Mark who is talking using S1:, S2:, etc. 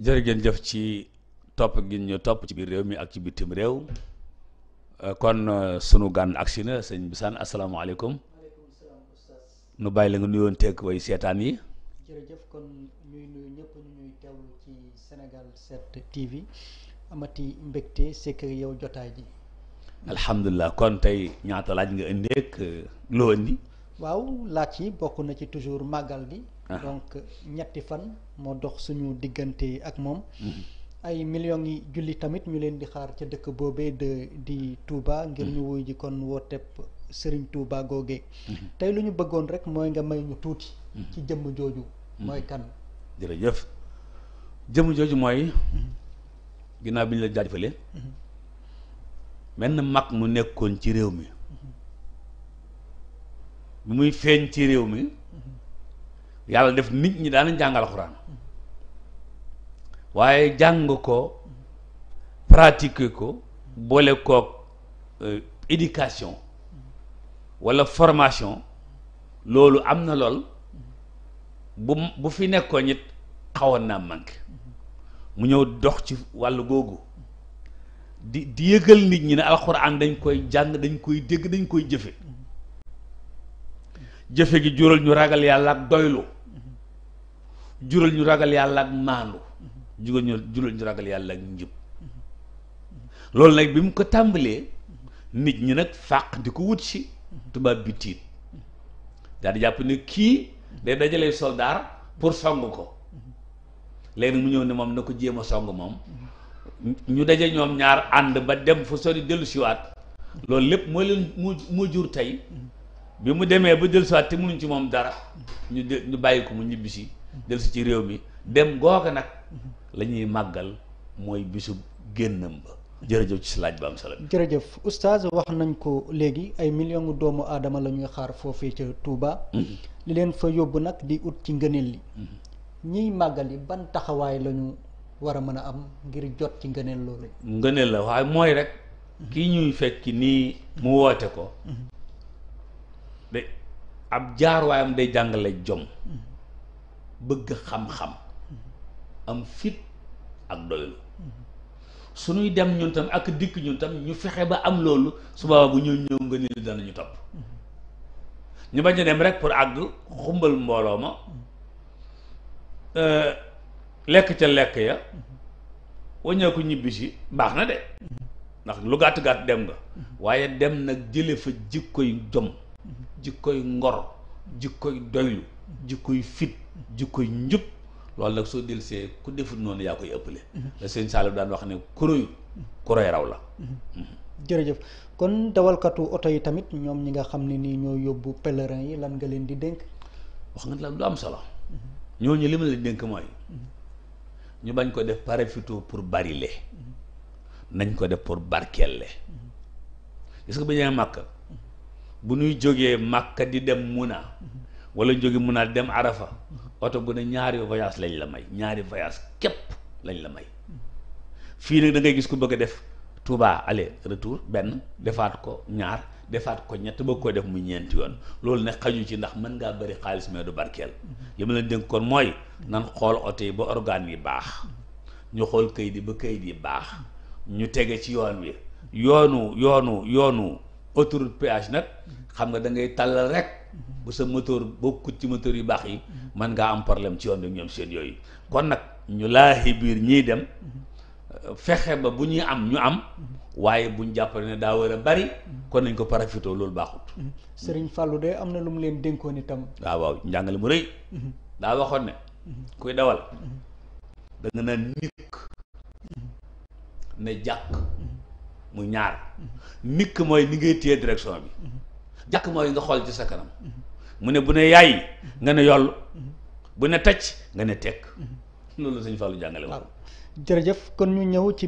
S1: jërë jëf ci topp gi ñu topp ci biir réew mi ak ci bitim réew euh, kon euh, sunu gan agsi na sëñ Bisaan asalaamaaleykum nu bàyyi la nga nuyoon teg way seetaan yi
S2: jërëjëf kon ñuy nuyu ñëpp ñu ñuy teewlu ci Sénégal 7 TV amati mbégte c'est que yow jotaay ji
S1: alhamdulilah kon tey ñaata laaj nga indeek euh, loo indi
S2: waaw laaj yi bokk na ci toujours màggal gi Ah. donc ñetti fan moo dox suñu diggante ak moom mm-hmm. ay millions yi julli tamit ñu leen di xaar ca dëkk boobee de di Touba ngir ñu mm-hmm. wuy ji kon wooteeb Serigne Touba googee mm-hmm. tey lu ñu bëggoon rek mooy nga may ñu tuuti ci jëmm jooju mooy kan
S1: jërëjëf jëmm jooju mooy ginnaaw bi ñu la jaajëfale menn mag mu nekkoon ci réew mi bi muy feeñ ci réew mi yàlla def nit ñi daanañ jàng alxuraan waaye jàng ko pratiquer ko boole kook euh, éducation walla formation loolu am na lool bu bu fi nekkoon it xawoon naa manqué mu ñëw dox ci wàll googu di di yëgal nit ñi ne alxuraan dañ koy jàng dañ koy dégg dañ koy jëfe jëfe gi jural ñu ragal yàlla ak doylu jural ñu ragal yàlla ak maandu jural ñu ragal yàlla ak njub loolu nag bi mu ko tàmbalee nit ñi nag fàq di ko wut si tubaab bi tiit daal jàpp ne kii day dajale soldaar pour song ko léegi mu ñëw ne moom na ko jéem a song moom ñu daje ñoom ñaar ànd ba dem fu sori dellu siwaat loolu lépp moo leen mu moo jur tey bi mu demee ba dellu siwaat te mënuñ ci moom dara ñu de ñu bàyyi ko mu ñibbisi dellu si ci réew mi dem googa nag la ñuy màggal mooy bisu génnam ba jërëjëf ci laaj ba am
S2: wax nañ ko léegi ay millions doomu aadama la ñuy xaar foofee ca Touba. Mm-hmm. li leen fa yóbbu nag di ut ci ngëneel li
S1: mm-hmm.
S2: ñiy màggal yi ban taxawaay lañu ñu war a mën a am ngir jot ci ngëneel loolu
S1: ngëneel la waaye mooy rek mm-hmm. kii ñuy fekki nii mu woote ko de ab jaaruwaayam day jàngale jom bëgg xam-xam am fit ak doylu suñuy dem ñun tam ak dikk ñun tam ñu fexe ba am loolu su boobaa bu ñëw ñëw nga nii danañu topp ñu bañ a dem rek pour àgg xumbal mbooloo ma euh, lekk ca lekk ya waññeeku ñibbisi baax na de ndax lu gàtt gàtt dem nga waaye dem nag jële fa jikkoy jom jikkoy ngor jikkoy doylu jikkoy fit jikkoy njub loolu nag soo delsee ku defut noonu yaa koy ëpple mhm. la sëñ Saalum daan wax ne kuréyu kuréy raw la
S2: mhm. Mhm. jërëjëf kon dawalkatu oto yi tamit ñoom ñi nga xam ne nii ñoo yóbbu pèlerin yi lan nga leen di dénk wax nga la
S1: lu am solo ñooñu li ma leen dénk mooy ñu bañ ko def parafito pour barile nañ ko def pour barkelle est-ce que ba ñee màkk bu nuy jógee Màkka di dem Muna wala jóge Muna dem Arafa oto bu ne ñaari voyage lañ la may ñaari voyage képp lañ la may fii nag dangay gis ku bëgg a def Touba aller retour benn defaat ko ñaar defaat ko ñett bëgg ko def mu ñeenti yoon loolu ne xaju ci ndax mën ngaa bëri xaalis mais du barkeel yi ma leen kon mooy nan xool oto yi ba organes yi baax ñu xool kayit yi ba kayit yi baax ñu tege ci yoon wi yoonu yoonu yoonu autoroute péage nag xam nga da ngay tàllal rek bu sa moteur bokkut ci moteur yu baax yi man ngaa am problème ci yoon ñoom seen yooyu kon nag ñu laaxi biir ñiy dem fexe ba bu ñuy am ñu am waaye buñ jàppale ne daa war a bari kon nañ ko parafitoo loolu baaxut
S2: sëriñ Fallou de am na lu mu leen dénkoon itam
S1: waaw waaw njàngale mu rëy daa waxoon ne kuy dawal da nga naan nikk ne jàkk muy ñaar mikk mooy ni ngay téye direction bi jàkk mooy nga xool ci sa kanam mu ne bu ne yaay nga ne yoll bu ne tëj nga ne tekk mm-hmm. loolu la sëñ Fallou jàngale waaw
S2: jërëjëf kon ñu ñëw ci